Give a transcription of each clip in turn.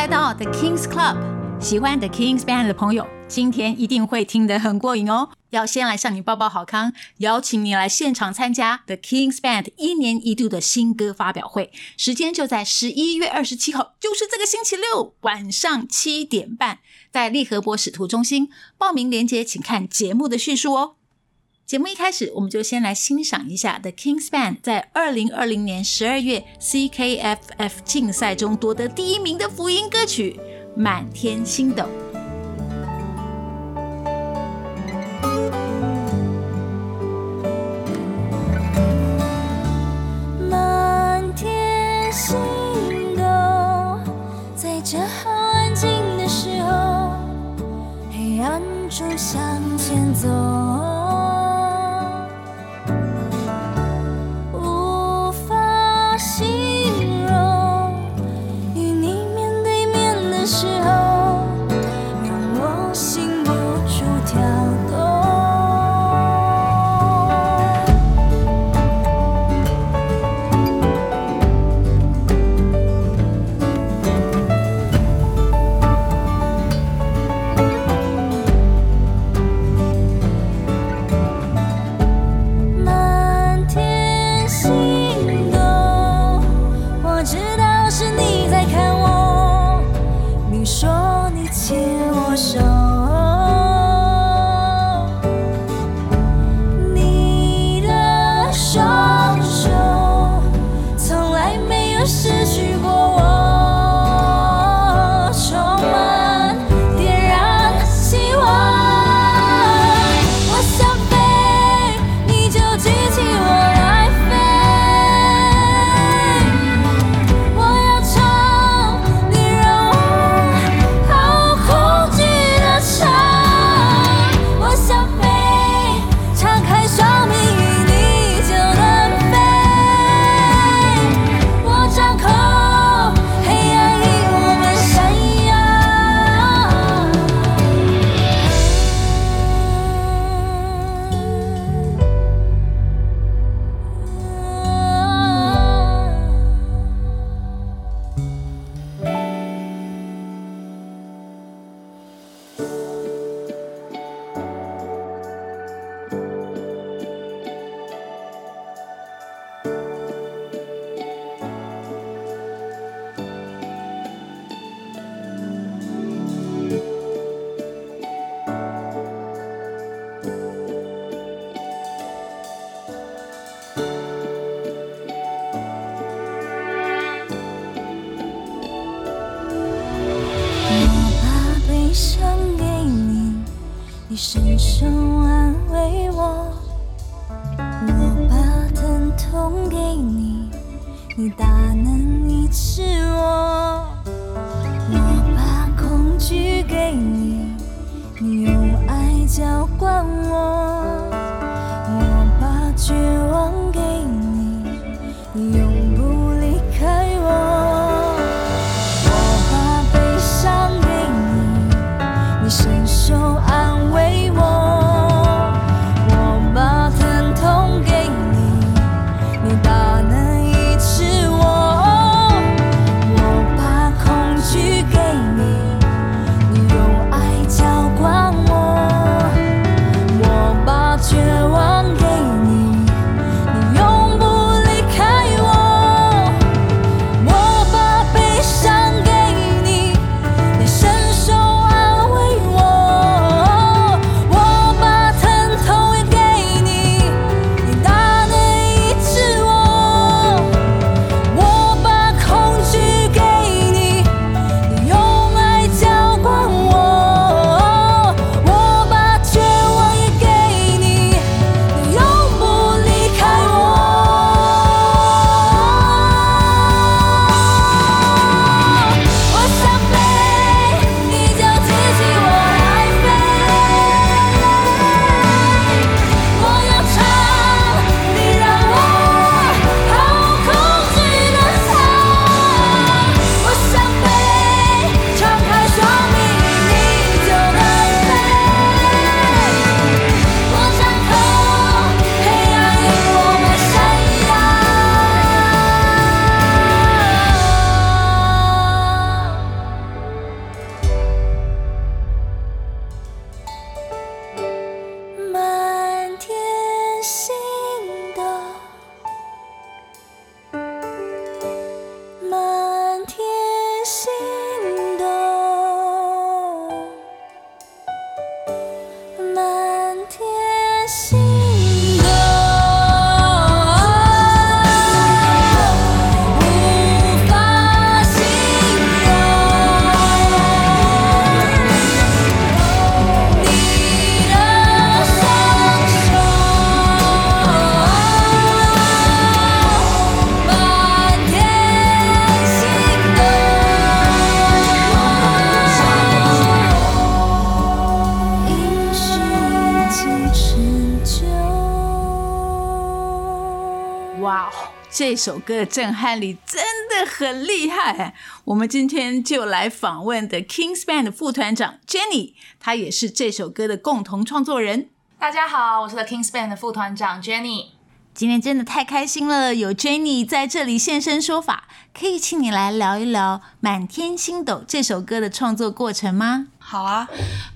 來到 The King's Club，喜歡 The King's Band 的朋友，今天一定會聽得很過癮哦。要先來向你報報好康，邀請你來現場參加 The King's Band 一年一度的新歌發表會，時間就在十一月二十七號，就是這個星期六晚上七點半，在利河伯使徒中心。報名鏈接請看節目的敘述哦。節目一開始，我們就先來欣賞一下 The King's Band 在二零二零年十二月 CKFF 競賽中奪得第一名的福音歌曲《滿天星斗》。滿天星斗，在這好安靜的時候，黑暗中向前走。這首歌的震撼力真的很厲害。我們今天就來訪問 The King's Band 的副團長 Jenny，她也是這首歌的共同創作人。大家好，我是 The King's Band 的副團長 Jenny。今天真的太開心了，有 Jenny 在這裡現身說法，可以請你來聊一聊《滿天星斗》這首歌的創作過程嗎？好啊，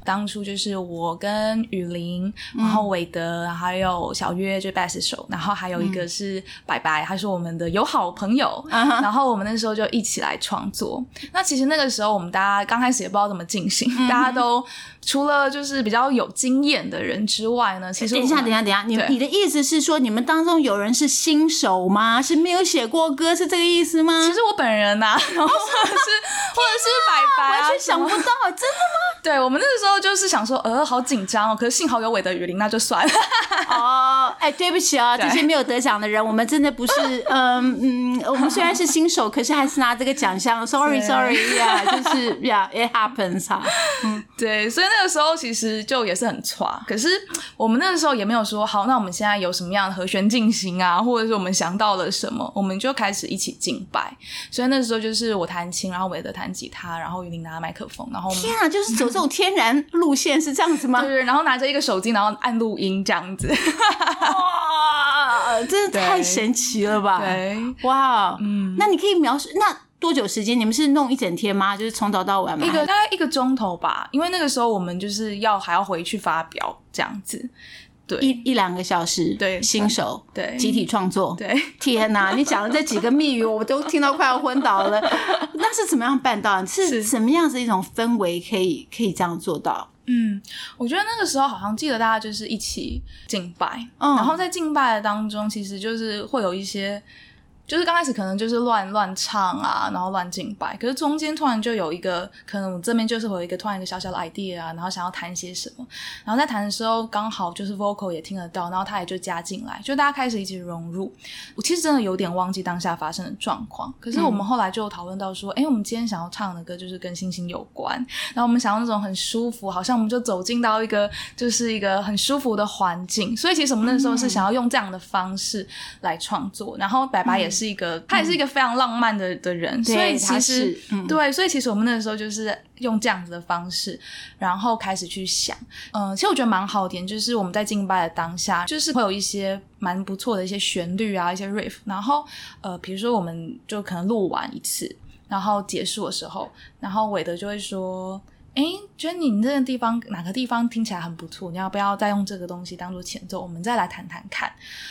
當初就是我跟雨林，然後韋德、嗯，還有小約就 bass 手，然後還有一個是白白，他是我們的友好朋友、嗯。然後我們那時候就一起來創作。那其實那個時候我們大家剛開始也不知道怎麼進行、嗯，大家都除了就是比較有經驗的人之外呢，嗯、其實等一下，等一下，等一下，你你的意思是說你們當中有人是新手嗎？是沒有寫過歌是這個意思嗎？其實我本人吶、啊 啊，或者是或者是白白啊，完全想不到，真的嗎？對我們那個時候就是想說，呃、哦，好緊張哦。可是幸好有韋德、雨林，那就算了。哦，哎，對不起啊，這些沒有得獎的人，我們真的不是，嗯、 呃、嗯，我們雖然是新手， 可是還是拿這個獎項。Sorry，Sorry 呀，就是呀、yeah,，It happens。 嗯，對，所以那個時候其實就也是很差。可是我們那個時候也沒有說，好，那我們現在有什麼樣的和弦進行啊，或者是我們想到了什麼，我們就開始一起敬拜。所以那時候就是我彈琴，然後韋德彈吉他，然後雨林拿了麥克風，然後我們天啊，就是走。這種天然路線是這樣子嗎？ 對，然後拿着一個手機，然後按錄音這樣子。 哇，真的太神奇了吧！對，哇，嗯，那你可以描述那多久時間？你們是弄一整天嗎？就是從早到晚嗎？一個大概一個鐘頭吧，因為那個時候我們就是要還要回去發表這樣子。對，一一兩個小時，對，新手，對，對，集體創作，對，天哪、啊，你講的這幾個密語， 我都聽到快要昏倒了， 那是怎麼樣辦到的？是，是什麼樣子一種氛圍可以可以這樣做到？嗯，我覺得那個時候好像記得大家就是一起敬拜，嗯，然後在敬拜的當中，其實就是會有一些。就是剛開始可能就是亂亂唱啊，然後亂敬拜，可是中間突然就有一個，可能我這邊就是會有一個突然一個小小的 idea 啊，然後想要彈些什麼，然後在彈的時候剛好就是 vocal 也聽得到，然後他也就加進來，就大家開始一起融入。我其實真的有點忘記當下發生的狀況，可是我們後來就討論到說，哎、嗯，我們今天想要唱的歌就是跟星星有關，然後我們想要那種很舒服，好像我們就走進到一個就是一個很舒服的環境，所以其實我們那時候是想要用這樣的方式來創作，嗯、然後白白也是。是一個，他也是一個非常浪漫的、嗯、的人，所以其實對、嗯、對，所以其實我們那個時候就是用這樣子的方式，然後開始去想，嗯、呃，其實我覺得蠻好的點，就是我們在敬拜的當下，就是會有一些蠻不錯的一些旋律啊，一些 riff，然後呃，比如說我們就可能錄完一次，然後結束的時候，然後韋德就會說。哎、欸，覺得你這個地方哪個地方聽起來很不錯，你要不要再用這個東西當做前奏？我們再來談談看，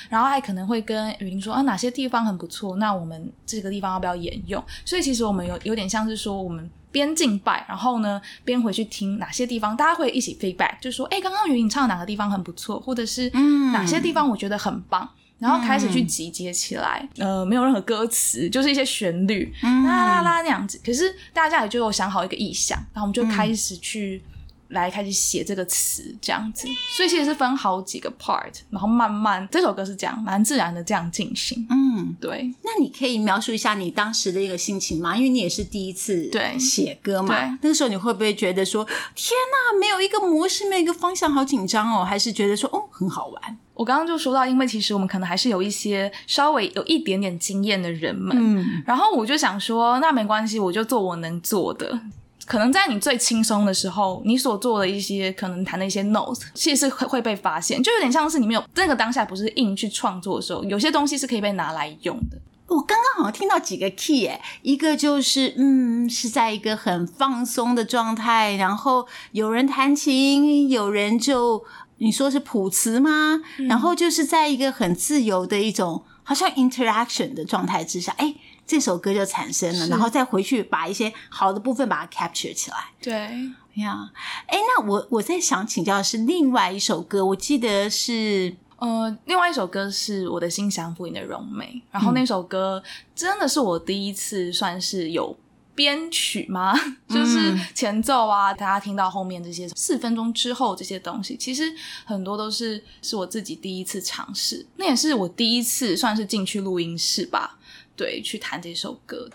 然後還可能會跟雲說，啊哪些地方很不錯？那我們這個地方要不要沿用？所以其實我們有有點像是說，我們邊敬拜，然後呢邊回去聽哪些地方，大家會一起 feedback，就說，哎、欸，剛剛雲你唱的哪個地方很不錯，或者是嗯哪些地方我覺得很棒。嗯然後開始去集結起來、嗯，呃，沒有任何歌詞，就是一些旋律，嗯、啦啦啦那樣子。可是大家也就有想好一個意向，然後我們就開始去來開始寫這個詞這樣子。嗯、所以其實是分好幾個 part，然後慢慢這首歌是這樣蠻自然的這樣進行。嗯，對。那你可以描述一下你當時的一個心情嗎？因為你也是第一次對寫歌嘛，對那個時候你會不會覺得說天哪，沒有一個模式，沒有一個方向，好緊張哦？還是覺得說哦，很好玩？我剛剛就說到，因為其實我們可能還是有一些稍微有一點點經驗的人們，嗯，然後我就想說，那沒關係，我就做我能做的。可能在你最輕鬆的時候，你所做的一些可能彈的一些 notes，其實是會被發現，就有點像是你沒有那個當下不是硬去創作的時候，有些東西是可以被拿來用的。我、哦、剛剛好像聽到幾個 key，哎、欸，一個就是，嗯，是在一個很放鬆的狀態，然後有人彈琴，有人就。你說是譜詞嗎、嗯？然後就是在一個很自由的一種好像 interaction 的狀態之下，哎、欸，這首歌就產生了，然後再回去把一些好的部分把它 capture 起來。對呀，哎、yeah. 欸，那我我在想請教的是另外一首歌，我記得是呃，另外一首歌是我的心想撫你的容美，然後那首歌、嗯、真的是我第一次算是有。編曲嗎？就是前奏啊，嗯、大家聽到後面這些，四分鐘之後這些東西，其實很多都是是我自己第一次嘗試。那也是我第一次算是進去錄音室吧，對，去彈這首歌。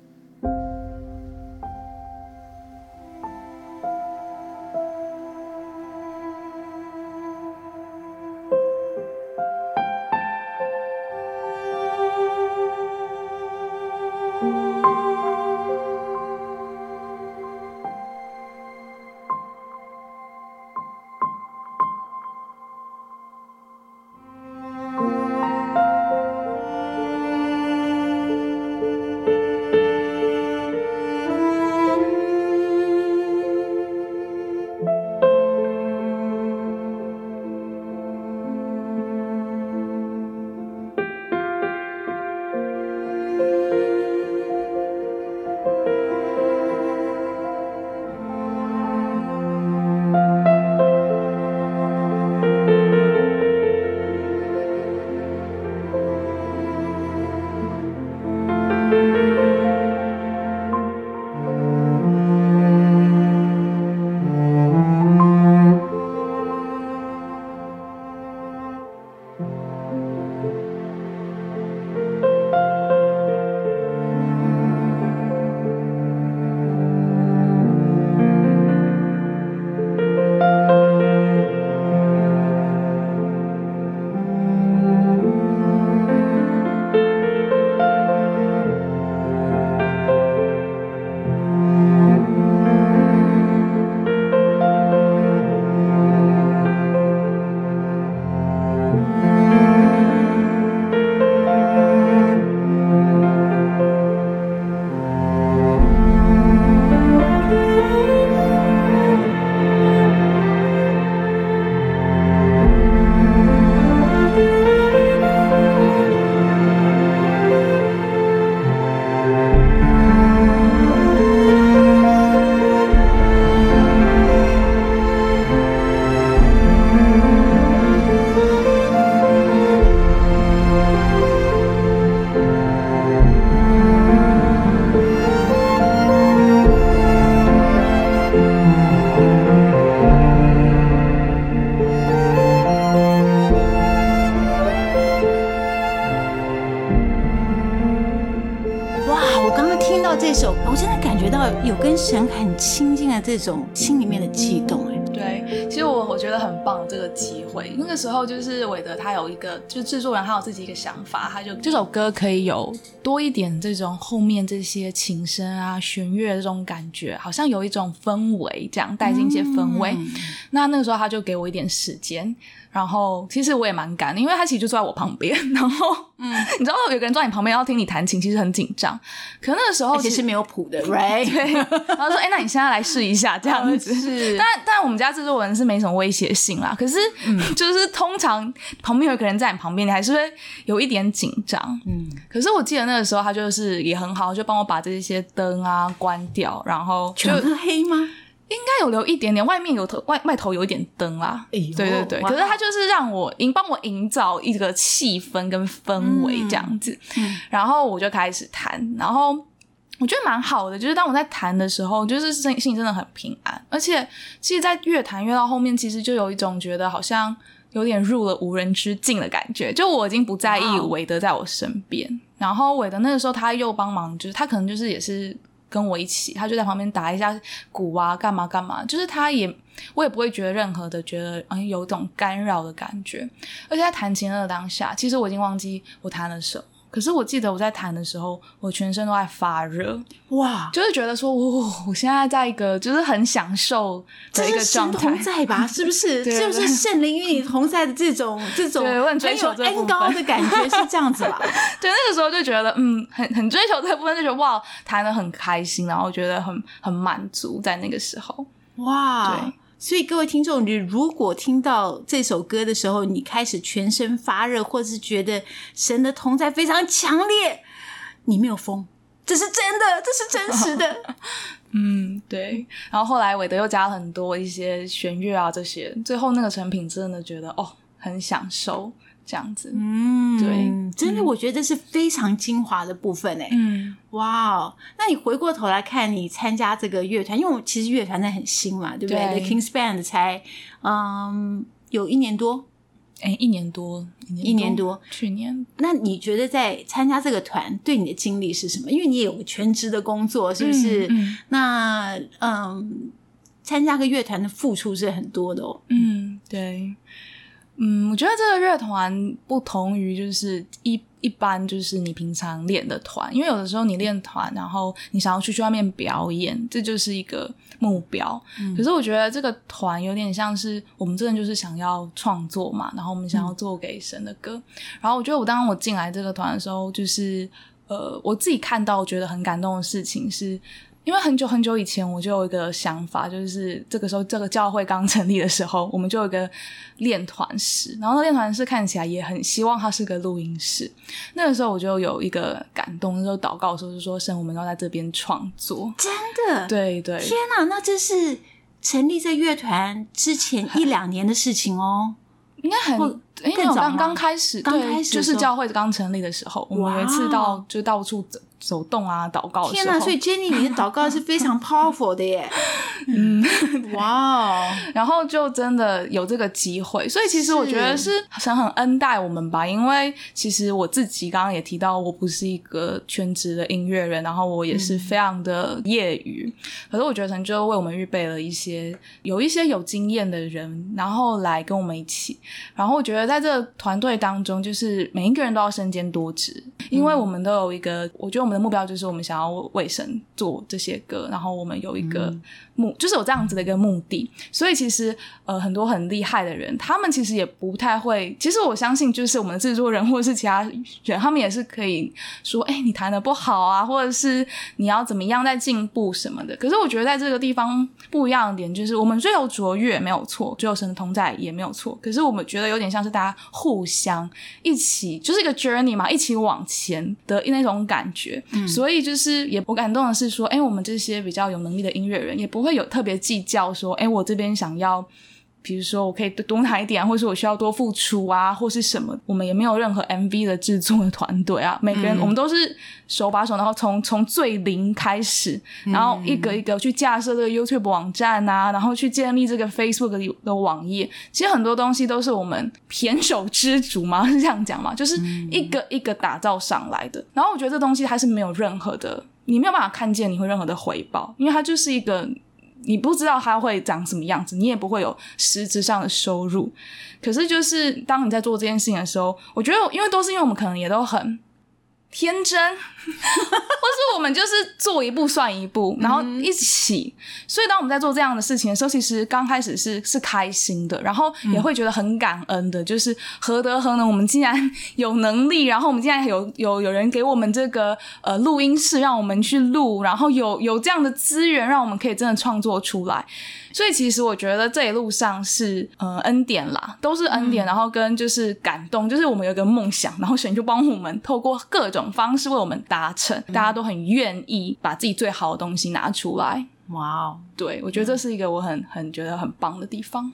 這種心裡面的悸動，哎、嗯，對，其實我我覺得很棒這個機會。那個時候就是韋德他有一個，就製作人他有自己一個想法，他就這首歌可以有多一點這種後面這些琴聲啊、弦樂這種感覺，好像有一種氛圍這樣，帶進一些氛圍。那、嗯、那個時候他就給我一點時間。然後其實我也蠻趕的，因為他其實就坐在我旁邊。然後，嗯，你知道有個人坐在你旁邊，然後聽你彈琴，其實很緊張。可是那個時候其實沒有譜的，right? 對。然後說，哎， 那你現在來試一下這樣子。 但但我們家製作人是沒什麼威脅性啦。可是，嗯、就是通常旁邊有個人在你旁邊，你還是會有一點緊張。嗯。可是我記得那個時候，他就是也很好，就幫我把這些燈啊關掉，然後就全黑嗎？應該有留一點點，外面有頭外外頭有一點燈啦，哎。對對對，可是他就是讓我營、幫我營造一個氣氛跟氛圍這樣子，嗯，然後我就開始彈，然後我覺得蠻好的，就是當我在彈的時候，就是心心裡真的很平安，而且其實，在越彈越到後面，其實就有一種覺得好像有點入了無人之境的感覺，就我已經不在意韋德在我身邊，然後韋德那個時候他又幫忙，就是他可能就是也是。跟我一起，他就在旁邊打一下鼓啊，幹嘛幹嘛，就是他也，我也不會覺得任何的覺得嗯有一種干擾的感覺。而且在彈琴的當下，其實我已經忘記我彈了什麼。可是我記得我在彈的時候，我全身都在發熱，哇，就是覺得說，哦，我現在在一個就是很享受的一個狀態，這是神同在吧，是不是？ 對，是不是聖靈與你同在的這種這種對，很追求恩膏的感覺是這樣子吧？ 對，那個時候就覺得，嗯，很很追求這個部分，就覺得哇，彈得很開心，然後覺得很很滿足，在那個時候，哇。對。所以各位聽眾，你如果聽到這首歌的時候，你開始全身發熱，或是覺得神的同在非常強烈，你沒有瘋，這是真的，這是真實的。 嗯，對。然後後來韋德又加了很多一些弦樂啊這些，最後那個成品真的覺得哦，很享受。這樣子，嗯，對，真的，我覺得是非常精華的部分呢、欸。嗯，哇哦，那你回過頭來看，你參加這個樂團，因為我其實樂團在很新嘛，對不對，對？The King's Band 才嗯有一年多，哎、欸，一年多，一年多，去年。那你覺得在參加這個團對你的經歷是什麼？因為你也有全職的工作，是不是？那嗯，參、嗯嗯、加個樂團的付出是很多的哦。嗯，對。嗯，我覺得這個樂團不同於就是一一般就是你平常練的團，因為有的時候你練團，然後你想要出去、去外面表演，這就是一個目標、嗯。可是我覺得這個團有點像是我們真的就是想要創作嘛，然後我們想要做給神的歌。嗯、然後我覺得我當我進來這個團的時候，就是呃，我自己看到我覺得很感動的事情是。因為很久很久以前，我就有一個想法，就是這個時候這個教會剛成立的時候，我們就有一個練團室，然後那練團室看起來也很希望它是個錄音室。那個時候我就有一個感動，就禱告的時候就說：“神，我們要在這邊創作。”真的？對對。天哪，那這是成立這樂團之前一兩年的事情哦，應該很應該、哦、剛剛早，剛開始，剛開始就是教會剛成立的時候，我們有一次到就到處走。手動啊，禱告的時候天吶、啊，所以 Jenny，你的禱告是非常 powerful 的耶。 嗯，哇、wow、哦。然後就真的有這個機會，所以其實我覺得是好像很恩待我們吧。因為其實我自己剛剛也提到，我不是一個全職的音樂人，然後我也是非常的業餘。嗯、可是我覺得可能就為我們預備了一些有一些有經驗的人，然後來跟我們一起。然後我覺得在這個團隊當中，就是每一個人都要身兼多職，因為我們都有一個，嗯、我覺得。我們的目標就是，我們想要為神做這些歌，然後我們有一個。目就是有這樣子的一個目的，所以其實呃很多很厲害的人，他們其實也不太會。其實我相信，就是我們的製作人或者是其他人，他們也是可以說：“哎、欸，你彈的不好啊，或者是你要怎麼樣再進步什麼的。”可是我覺得在這個地方不一樣的點就是，我們追求卓越沒有錯，追求神的同在也沒有錯。可是我們覺得有點像是大家互相一起就是一個 journey 嘛，一起往前的那種感覺。嗯、所以就是也不感動的是說：“哎、欸，我們這些比較有能力的音樂人也不會。”會有特別計較說，哎、欸，我這邊想要，比如說，我可以多拿一點，啊，或者我需要多付出啊，或是什麼？我們也沒有任何 MV 的制作團隊啊，每個人、嗯、我們都是手把手，然後從從最零開始，然後一個一個去架設這個 YouTube 網站啊，然後去建立這個 Facebook 的網頁。其實很多東西都是我們胼手胝足嘛，是這樣講嘛，就是一個一個打造上來的。然後我覺得這東西它是沒有任何的，你沒有辦法看見你會任何的回報，因為它就是一個。你不知道它會長什麼樣子，你也不會有實質上的收入。可是，就是當你在做這件事情的時候，我覺得，因為都是因為我們可能也都很天真。 或是我們就是做一步算一步，然後一起。嗯、所以當我們在做這樣的事情的時候，其實剛開始是是開心的，然後也會覺得很感恩的，嗯、就是何德何能，我們竟然有能力，然後我們竟然有有有人給我們這個呃錄音室，讓我們去錄，然後有有這樣的資源，讓我們可以真的創作出來。所以其實我覺得這一路上是呃恩典啦，都是恩典、嗯，然後跟就是感動，就是我們有一個夢想，然後神就幫我們透過各種方式為我們打。達成，大家都很願意把自己最好的東西拿出來。哇哦，對，我覺得這是一個我很很覺得很棒的地方。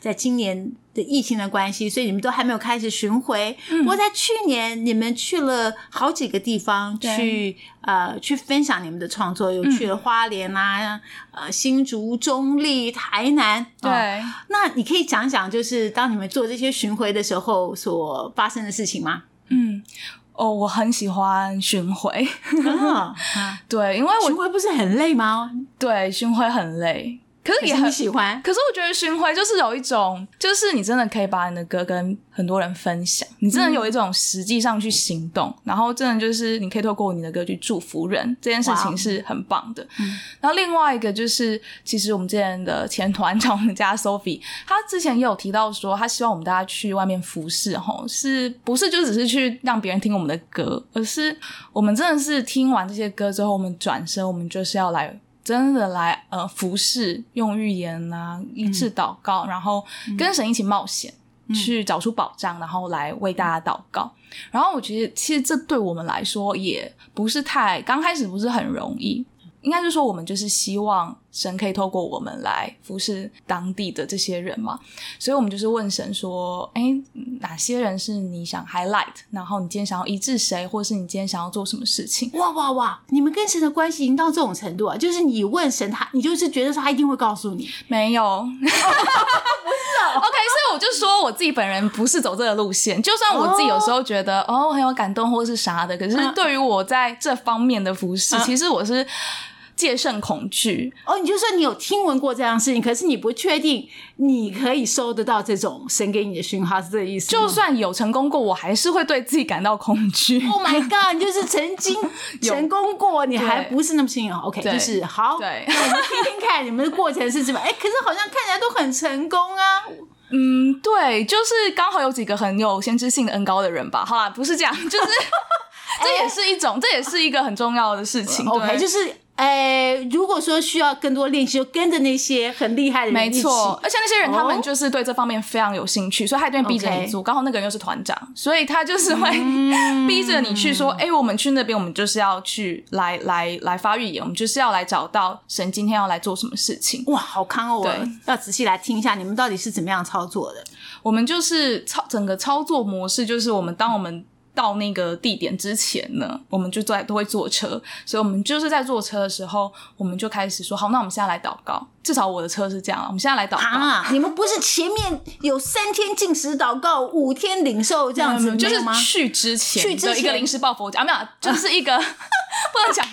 在今年的疫情的關係，所以你們都還沒有開始巡迴、嗯。不過在去年，你們去了好幾個地方去呃去分享你們的創作，又去了花蓮啊、嗯、呃，新竹、中壢、台南。對，哦、那你可以講講，就是當你們做這些巡迴的時候，所發生的事情嗎？嗯。哦、oh，我很喜歡巡迴，uh -huh. 對，因為我巡迴不是很累嗎？對，巡迴很累。可是也很是你喜歡，可是我覺得巡迴就是有一種，就是你真的可以把你的歌跟很多人分享，你真的有一種實際上去行動，嗯、然後真的就是你可以透過你的歌去祝福人，這件事情是很棒的。哦、嗯，然後另外一個就是，其實我們之前的前團長我們家 Sophie，他之前也有提到說，他希望我們大家去外面服侍吼，是不是就只是去讓別人聽我們的歌，而是我們真的是聽完這些歌之後，我們轉身，我們就是要來。真的來，呃，服侍，用預言啊，醫治禱告，嗯、然後跟神一起冒險，嗯、去找出寶藏，嗯，然後來為大家禱告。然後，我覺得其實這對我們來說也不是太剛開始不是很容易，應該就是說我們就是希望。神可以透過我們來服侍當地的這些人嘛？所以我們就是問神說：“哎、欸，哪些人是你想 highlight？然後你今天想要醫治誰，或是你今天想要做什麼事情？”哇哇哇！你們跟神的關係已經到這種程度啊！就是你問神他，他你就是覺得說他一定會告訴你？沒有，不是哦。OK，所以我就說我自己本人不是走這個路線。就算我自己有時候覺得、oh. 哦很有感動，或是啥的，可是對於我在這方面的服侍，uh. 其實我是。戒慎恐懼哦，你就算你有聽聞過這樣的事情，可是你不確定你可以收得到這種神給你的訊號，是這個意思？就算有成功過，我還是會對自己感到恐懼。Oh my god！你就是曾經成功過，你還不是那麼幸運。OK，就是好，我們、嗯、聽聽看你們的過程是什麼。哎，可是好像看起來都很成功啊。嗯，對，就是剛好有幾個很有先知性的恩膏的人吧。好，不是這樣，就是 這也是一種、欸，這也是一個很重要的事情。啊、OK，就是。哎、欸，如果說需要更多練習，就跟着那些很厲害的人沒錯，而且那些人他們就是對這方面非常有興趣，哦、所以他就會逼着你做。Okay. 剛好那個人又是團長，所以他就是會、嗯、逼着你去說：“哎、嗯、欸，我們去那邊，我們就是要去來來來發預言，我們就是要來找到神今天要來做什麼事情。”哇，好康哦，哦！對。要仔細來聽一下你們到底是怎麼樣操作的。我們就是操整個操作模式，就是我們當我們到那個地點之前呢，我們就坐都會坐車，所以我們就是在坐車的時候，我們就開始說，好，那我們現在來禱告。至少我的車是這樣，我們現在來禱告。啊， 你們不是前面有三天禁食禱告，五天領受這樣子，就是去之前去之前一個臨時抱佛腳啊，沒有，就是一個 不能講。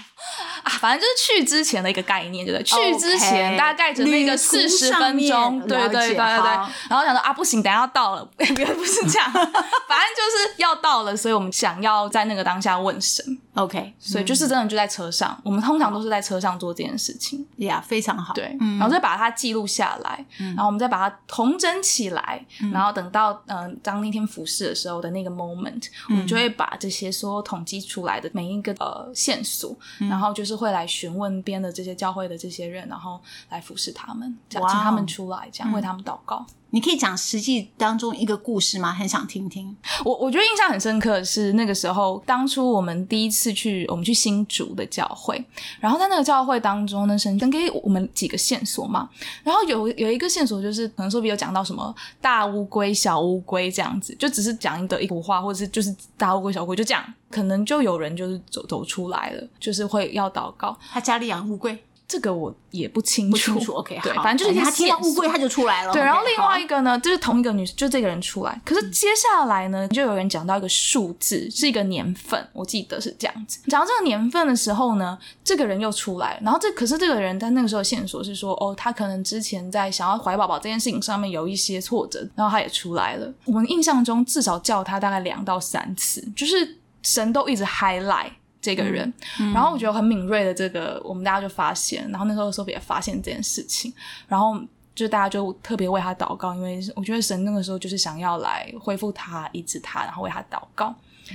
反正就是去之前的一個概念，就在去之前大概只是一個四十分鐘，對對對對對，對。然後想說啊，不行，等一下要到了， 不是這樣， 反正就是要到了，所以我們想要在那個當下問神，OK？所以就是真的就在車上、嗯，我們通常都是在車上做這件事情，yeah，非常好。對，嗯、然後再把它記錄下來、嗯，然後我們再把它統整起來、嗯，然後等到嗯、呃，當那天服侍的時候的那個 moment，、嗯、我們就會把這些所有統計出來的每一個呃線索、嗯，然後就是會。會來詢問邊的這些教會的這些人，然後來服侍他們，這樣 Wow. 請他們出來，這樣為他們禱告。嗯你可以講實際當中一個故事嗎？很想聽聽。我我覺得印象很深刻的是那個時候，當初我們第一次去，我們去新竹的教會，然後在那個教會當中呢，神神給我們幾個線索嘛。然後有有一個線索就是，可能說比較講到什麼大烏龜、小烏龜這樣子，就只是講的一,一幅畫，或者是就是大烏龜、小烏龜就這樣，可能就有人就是走走出來了，就是會要禱告，他家裡養烏龜。這個我也不清楚，不清楚，OK，對，好，反正就是，是他接到烏龜，他就出來了。對，okay, 然後另外一個呢、啊，就是同一個女生，就是、這個人出來。可是接下來呢，就有人講到一個數字，是一個年份，我記得是這樣子。講到這個年份的時候呢，這個人又出來了。然後這可是這個人，他那個時候的線索是說，哦，他可能之前在想要懷寶寶這件事情上面有一些挫折，然後他也出來了。我們印象中至少叫他大概兩到三次，就是神都一直 highlight。這個人、嗯嗯，然後我覺得很敏銳的，這個我們大家就發現，然後那時候 Sophie 也發現這件事情，然後就大家就特別為他禱告，因為我覺得神那個時候就是想要來恢復他、醫治他，然後為他禱告、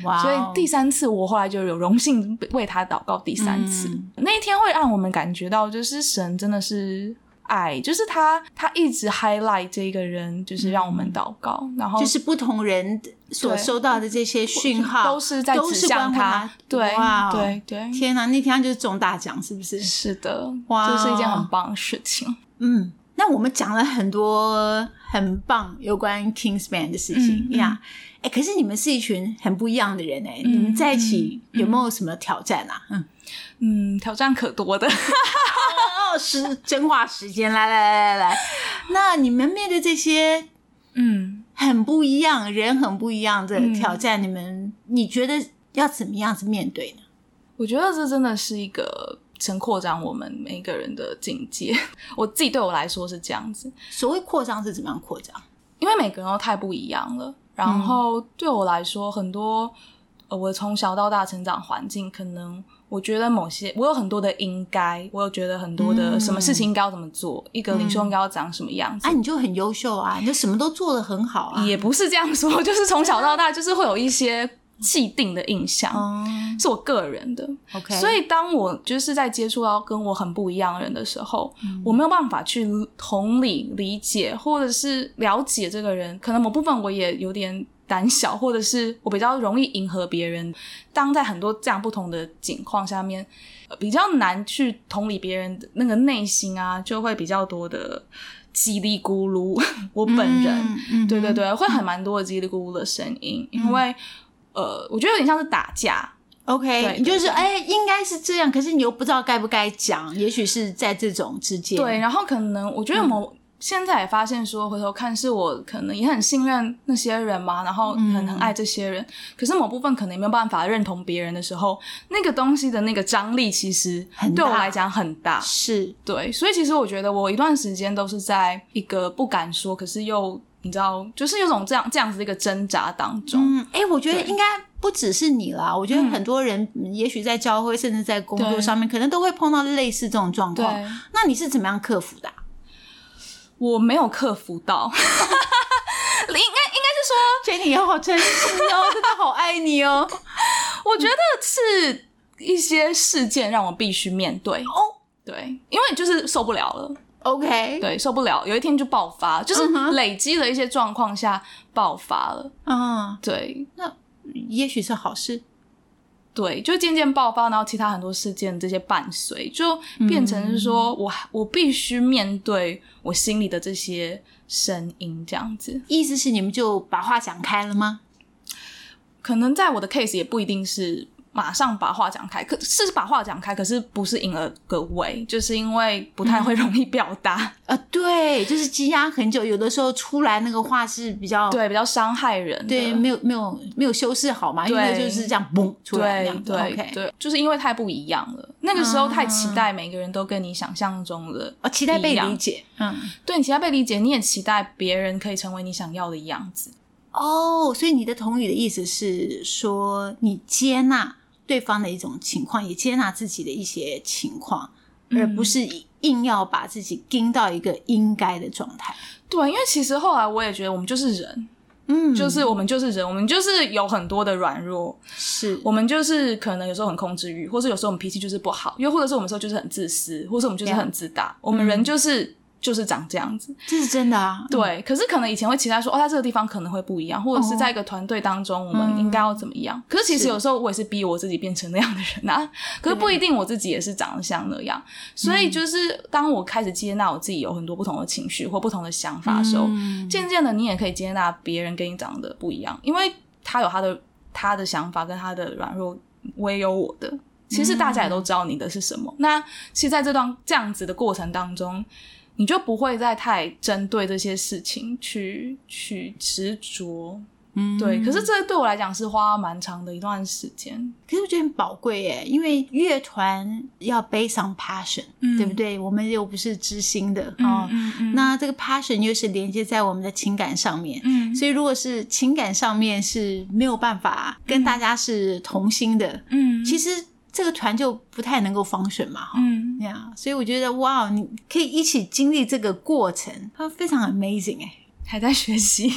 哦。所以第三次我後來就有榮幸為他禱告第三次，嗯、那一天會讓我們感覺到，就是神真的是。愛就是他，他一直 highlight 這個人，就是讓我們禱告、嗯。然後就是不同人所收到的這些訊號，都是在指向他。他對對對，天哪、啊！那天他就是中大獎，是不是？是的，哇、wow，這、就是一件很棒的事情。嗯，那我們講了很多很棒有關 King's Band 的事情呀。哎、嗯嗯欸，可是你們是一群很不一樣的人哎、欸嗯，你們在一起有沒有什麼挑戰啊？嗯嗯，挑戰可多的。 是、哦、真話時間，來來來來來，那你們面對這些嗯很不一樣、嗯、人很不一樣的挑戰，你們、嗯、你覺得要怎麼樣子面對呢？我覺得這真的是一個成擴張我們每個人的境界。 我自己對我來說是這樣子。所謂擴張是怎麼樣擴張？因為每個人都太不一樣了。然後對我來說，很多、呃、我從小到大成長環境可能。我覺得某些我有很多的應該，我有覺得很多的什麼事情應該要怎麼做，嗯、一個領袖應該要長什麼樣子？哎、嗯，啊、你就很優秀啊，你就什麼都做得很好啊？也不是這樣說，就是從小到大就是會有一些既定的印象，嗯、是我個人的。OK，嗯、所以當我就是在接觸到跟我很不一樣的人的時候，嗯、我沒有辦法去同理、理解或者是了解這個人，可能某部分我也有點。膽小，或者是我比較容易迎合別人。當在很多這樣不同的情況下面、呃，比較難去同理別人的那個內心啊，就會比較多的嘰里咕嚕。 我本人、嗯嗯，對對對，會很蠻多的嘰里咕嚕的聲音、嗯，因為呃，我覺得有點像是打架。OK，對對對，就是哎、欸，應該是這樣，可是你又不知道該不該講，也許是在這種之間。對，然後可能我覺得某。嗯現在也發現說，回頭看是我可能也很信任那些人嘛，然後很很愛這些人，嗯、可是某部分可能也沒有辦法認同別人的時候，那個東西的那個張力其實對我來講很，很大。是對，所以其實我覺得我一段時間都是在一個不敢說，可是又你知道，就是有種這樣這樣子的一個掙扎當中。哎、嗯欸，我覺得應該不只是你啦，我覺得很多人、嗯、也許在教會，甚至在工作上面，可能都會碰到類似這種狀況。那你是怎麼樣克服的？我沒有克服到， 應該應該是說，Jenny，你好，真心哦，真的好愛你哦。我覺得是一些事件讓我必須面對哦，oh. 對，因為就是受不了了，OK，對，受不了，有一天就爆發，就是累積了一些狀況下爆發了啊，uh -huh. 對，uh -huh. 那也許是好事。對，就漸漸爆發，然後其他很多事件這些伴隨，就變成是說我、嗯、我必須面對我心裡的這些聲音，這樣子。意思是你們就把話講開了嗎？可能在我的 case 也不一定是。馬上把話講開，可是把話講開，可是不是贏了個位，就是因?為不太會容易表達啊、嗯呃。對，就是積壓很久，有的時候出來那個話是比較對，比較傷害人。對，沒有沒有沒有修飾好嘛，因為就是這樣嘣出來那樣。對對、okay、對，就是因為太不一樣了。那個時候太期待每個人都跟你想象中的啊、嗯哦，期待被理解。嗯，對，你期待被理解，你也期待別人可以成為你想要的樣子。哦，所以你的同語的意思是說你接納對方的一種情況，也接納自己的一些情況，嗯，而不是硬要把自己盯到一個應該的狀態。對，因為其實後來我也覺得，我們就是人，嗯，就是我們就是人，我們就是有很多的軟弱，是我們就是可能有時候很控制欲，或是有時候我們脾氣就是不好，又或者是我們時候就是很自私，或是我們就是很自大。嗯，我們人就是。就是長這樣子，這是真的啊。對，嗯、可是可能以前會期待說，哦，他這個地方可能會不一樣，或者是在一個團隊當中，我們應該要怎麼樣、哦嗯？可是其實有時候我也是逼我自己變成那樣的人吶、啊。可是不一定我自己也是長得像那樣。所以就是當我開始接納我自己有很多不同的情緒或不同的想法的時候，漸、嗯、漸的你也可以接納別人跟你長得不一樣，因為他有他的他的想法跟他的軟弱，我也有我的。其實大家也都知道你的是什麼。嗯、那其實在這段這樣子的過程當中，你就不會再太針對這些事情去去執着，嗯，對。可是這對我來講是花蠻長的一段時間，可是我覺得很寶貴耶，因為樂團要 based on passion，、嗯、對不對？我們又不是知心的啊、嗯哦嗯嗯，那這個 passion 又是連接在我們的情感上面，嗯，所以如果是情感上面是沒有辦法、嗯、跟大家是同心的，嗯，其實這個團就不太能夠 function 嘛，哈、嗯。Yeah, 所以我覺得哇，你可以一起經歷這個過程，他非常 amazing 哎、欸，還在學習，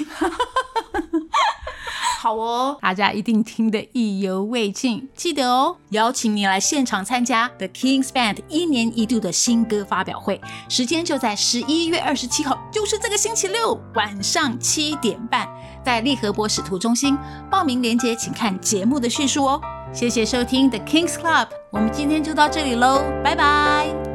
好哦，大家一定聽得意猶未盡，記得哦，邀請你來現場參加 The King's Band 一年一度的新歌發表會，時間就在十一月二十七號，就是這個星期六晚上七點半。在利和博使徒中心報名鏈接，請看節目的敘述哦。謝謝收聽 The King's Club，我們今天就到這裡嘍，拜拜。